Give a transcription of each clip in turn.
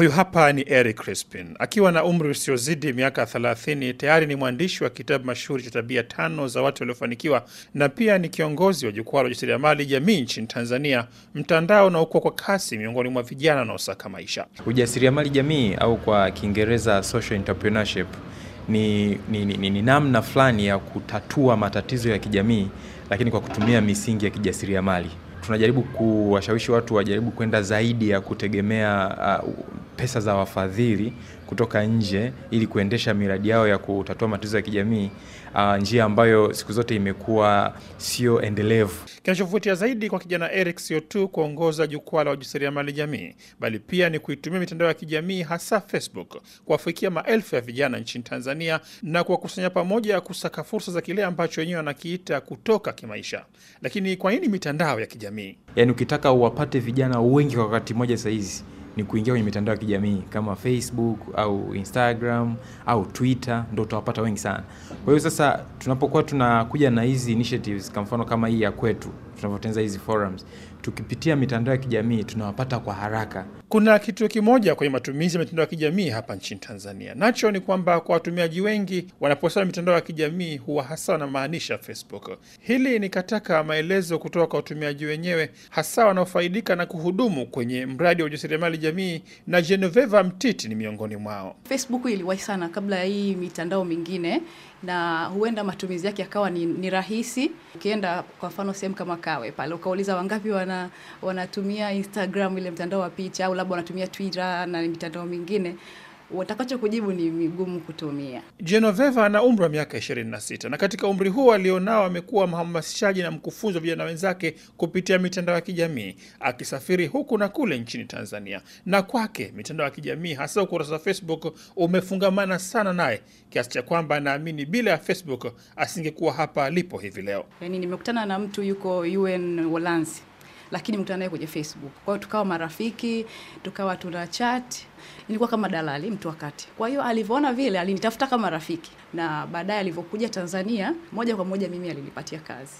Huyu hapa ni Eric Crispin. Akiwa na umri usiozidi miaka 30, tayari ni mwandishi wa kitabu mashuhuri cha tabia tano za watu waliofanikiwa na pia ni kiongozi wa jukwaa la ujasiriamali jamii nchini Tanzania, mtandao unaokuwa kwa kasi miongoni mwa vijana wanaosaka maisha. Ujasiriamali jamii au kwa Kiingereza social entrepreneurship ni, ni, ni, ni namna fulani ya kutatua matatizo ya kijamii, lakini kwa kutumia misingi ya kijasiriamali tunajaribu kuwashawishi watu wajaribu kwenda zaidi ya kutegemea uh, pesa za wafadhili kutoka nje ili kuendesha miradi yao ya kutatua matatizo ya kijamii, uh, njia ambayo siku zote imekuwa sio endelevu. Kinachovutia zaidi kwa kijana Eric sio tu kuongoza jukwaa la wajasiriamali jamii, bali pia ni kuitumia mitandao ya kijamii hasa Facebook kuwafikia maelfu ya vijana nchini Tanzania na kuwakusanya pamoja kusaka fursa za kile ambacho wenyewe wanakiita kutoka kimaisha. Lakini kwa nini mitandao ya kijamii? Yaani ukitaka uwapate vijana wengi kwa wakati mmoja saa hizi ni kuingia kwenye mitandao ya kijamii kama Facebook au Instagram au Twitter, ndo utawapata wengi sana. Kwa hiyo sasa, tunapokuwa tunakuja na hizi initiatives, kwa mfano kama hii ya kwetu tunavyotengeneza hizi forums, tukipitia mitandao ya kijamii tunawapata kwa haraka. Kuna kitu kimoja kwenye matumizi ya mitandao ya kijamii hapa nchini Tanzania, nacho ni kwamba kwa watumiaji wengi wanaposema mitandao ya kijamii huwa hasa wanamaanisha Facebook. Hili ni kataka maelezo kutoka kwa watumiaji wenyewe, hasa wanaofaidika na kuhudumu kwenye mradi wa ujasiriamali jamii, na Genoveva Mtiti ni miongoni mwao. Facebook iliwahi sana kabla ya hii mitandao mingine na huenda matumizi yake yakawa ni, ni rahisi. Ukienda kwa mfano sehemu kama Kawe pale ukauliza wangapi wana, wanatumia Instagram ile mtandao wa picha au labda wanatumia Twitter na mitandao mingine watakacho kujibu ni vigumu kutumia. Genoveva ana umri wa miaka 26 na katika umri huo alionao amekuwa mhamasishaji na mkufunzi wa vijana wenzake kupitia mitandao ya kijamii akisafiri huku na kule nchini Tanzania. Na kwake mitandao ya kijamii hasa ukurasa wa Facebook umefungamana sana naye kiasi cha kwamba anaamini bila ya Facebook asingekuwa hapa alipo hivi leo. Yani, nimekutana na mtu yuko UN Uholanzi lakini mkutana naye kwenye Facebook. Kwa hiyo tukawa marafiki, tukawa tuna chat. Nilikuwa kama dalali mtu wakati. Kwa hiyo alivyoona vile alinitafuta kama rafiki, na baadaye alivyokuja Tanzania, moja kwa moja mimi alinipatia kazi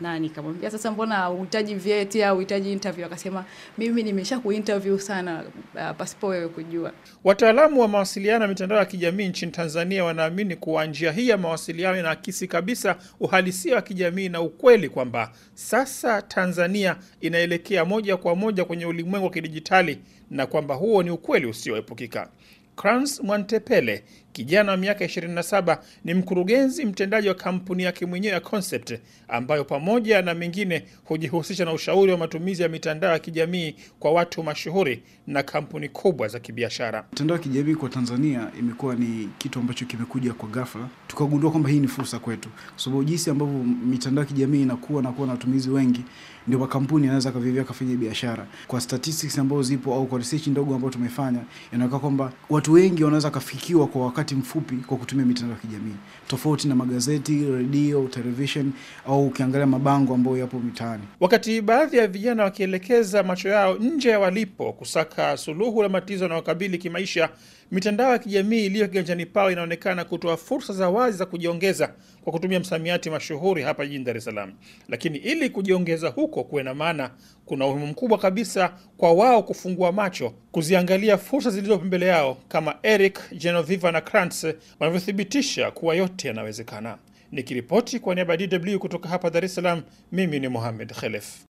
na nikamwambia sasa, mbona uhitaji vyeti au uhitaji interview? Akasema mimi nimesha interview sana uh, pasipo wewe kujua. Wataalamu wa mawasiliano ya mitandao ya kijamii nchini Tanzania wanaamini kuwa njia hii ya mawasiliano inaakisi kabisa uhalisia wa kijamii na ukweli kwamba sasa Tanzania inaelekea moja kwa moja kwenye ulimwengu wa kidijitali na kwamba huo ni ukweli usioepukika. Crans Mwantepele kijana wa miaka 27 ni mkurugenzi mtendaji wa kampuni yake mwenyewe ya Concept ambayo pamoja na mengine hujihusisha na ushauri wa matumizi ya mitandao ya kijamii kwa watu mashuhuri na kampuni kubwa za kibiashara. Mitandao ya kijamii kwa Tanzania imekuwa ni kitu ambacho kimekuja kwa ghafla, tukagundua kwamba hii ni fursa kwetu, kwa sababu jinsi ambavyo mitandao ya kijamii inakuwa na kuwa na watumizi wengi, ndio makampuni yanaweza kavivia kafanya biashara. Kwa statistics ambazo zipo au kwa research ndogo ambayo tumefanya, inaonekana kwamba watu wengi wanaweza kafikiwa kwa wakati wakati mfupi kwa kutumia mitandao ya kijamii, tofauti na magazeti, redio, television au ukiangalia mabango ambayo yapo mitaani. Wakati baadhi ya vijana wakielekeza macho yao nje ya walipo kusaka suluhu la matizo na wakabili kimaisha Mitandao ya kijamii iliyo kiganjani pao inaonekana kutoa fursa za wazi za kujiongeza kwa kutumia msamiati mashuhuri hapa jijini Dar es Salaam, lakini ili kujiongeza huko kuwe na maana, kuna umuhimu mkubwa kabisa kwa wao kufungua macho, kuziangalia fursa zilizopo mbele yao, kama Eric Genoviva na Krantz wanavyothibitisha kuwa yote yanawezekana. Nikiripoti kwa niaba ya DW kutoka hapa Dar es Salaam, mimi ni Mohamed Khelef.